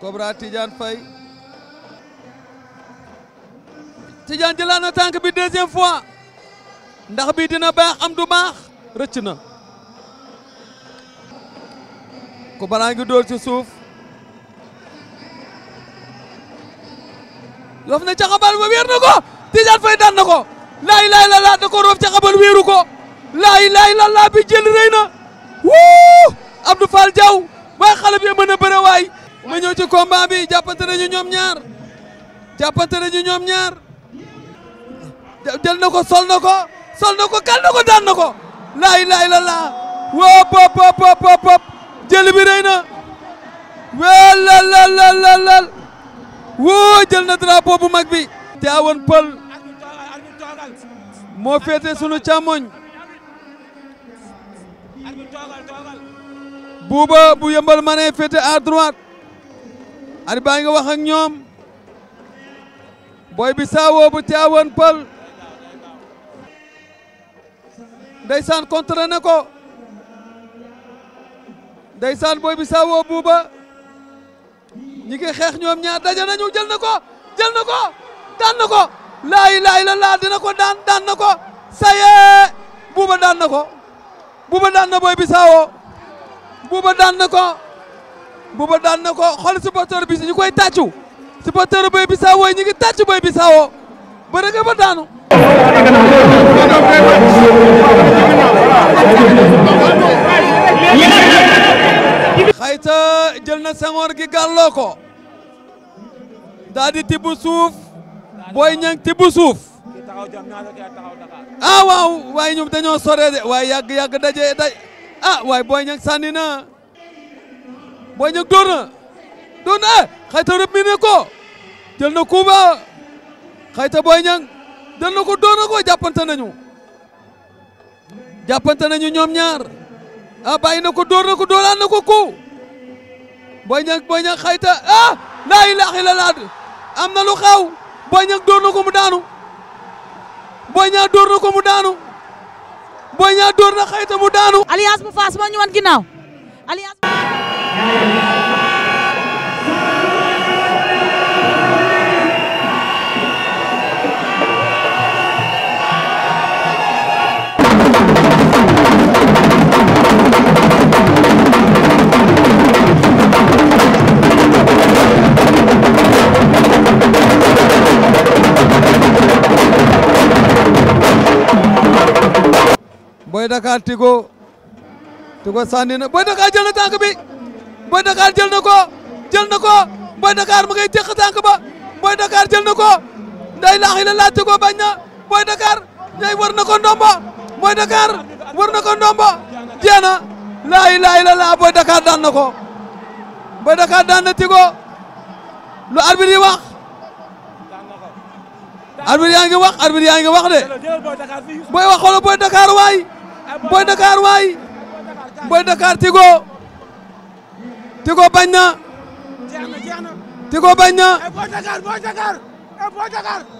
Cobra Tidiane Faye Tidiane jëlaat na tànk bi deuxième fois ndax bi dina baax am du baax rëcc na Cobra ngi ci suuf roof na caxabal ba wéer na ko Tidiane Faye daan na ko laay laay la laa da ko roof caxabal wéeru ko laay laay la bi jël na wuu Abdou Fall Diaw waaye xale bi mën a bëre waay ma ñëw ci combat bi jàppante nañu ñoom ñaar jàppante nañu ñoom ñaar jël na ko sol na ko sol na ko kal na ko daan na ko laay laay la laa woo pop pop pop pop na wee lal lal lal woo jël na bu mag bi Tivaouane Peul moo féete sunu càmmoñ buuba bu yëmbal ma ne féete ar baa ngi ñoom booy bi saawoo bu Tivaouane Peulh ndeysaan contre ko ndeysaan booy bi saawoo buuba ñi ngi xeex ñoom ñaar daje nañu jël na ko jël na ko daan na ko laa ilaaha illallaah dina ko daan daan na ko sayee buuba daan na ko buuba daan na booy bi buuba daan na ko Bouba daan na ko xool bi ñu koy tàccu supporteur Boy Bissau ñi ngi tàccu Boy Bissau ba nga ba daanu. xayta jël na sengoor gi gàlloo ko daal di tibb suuf booy ñang tibb suuf ah waaw waaye ñoom yàgg yàgg daje daj ah waaye booy ñang sànni na. Boy Niang door na door na xayta rëb mi ne ko jël na kuuba xayta Boy Niang jël na ko door na ko jàppante nañu jàppante nañu ñoom ñaar ah bàyyi na ko door na ko doolaan na ko ku Boy Niang Boy Niang xayta ah laa ilaaha illallaah am na lu xaw Boy Niang door na ko mu daanu Boy Niang door ko mu daanu Boy Niang door na xayta mu daanu alliance bu faas moo ñu wan ginnaaw alliance Boy Dakar Tigo Tigo sànni na Boy Dakar jël na tànk bi Boy Dakar jël na ko jël na ko Boy Dakar mu ngay teq tànk Boy Dakar jël na ko nday laax la laajte ko bañ na Boy Dakar ñay war na ko ndombo Boy Dakar war na ko ndombo jeex na laa ilaaha illallaah Boy Dakar daan na ko Boy Dakar daan na Tigo lu arbitre yi wax arbitre yaa ngi wax arbitre yaa ngi wax de booy wax xoolal Boy Dakar waay Boy Dakar waay Boy Dakar Tigo Tigo bañ na. jeex bañ na. Eh, eh,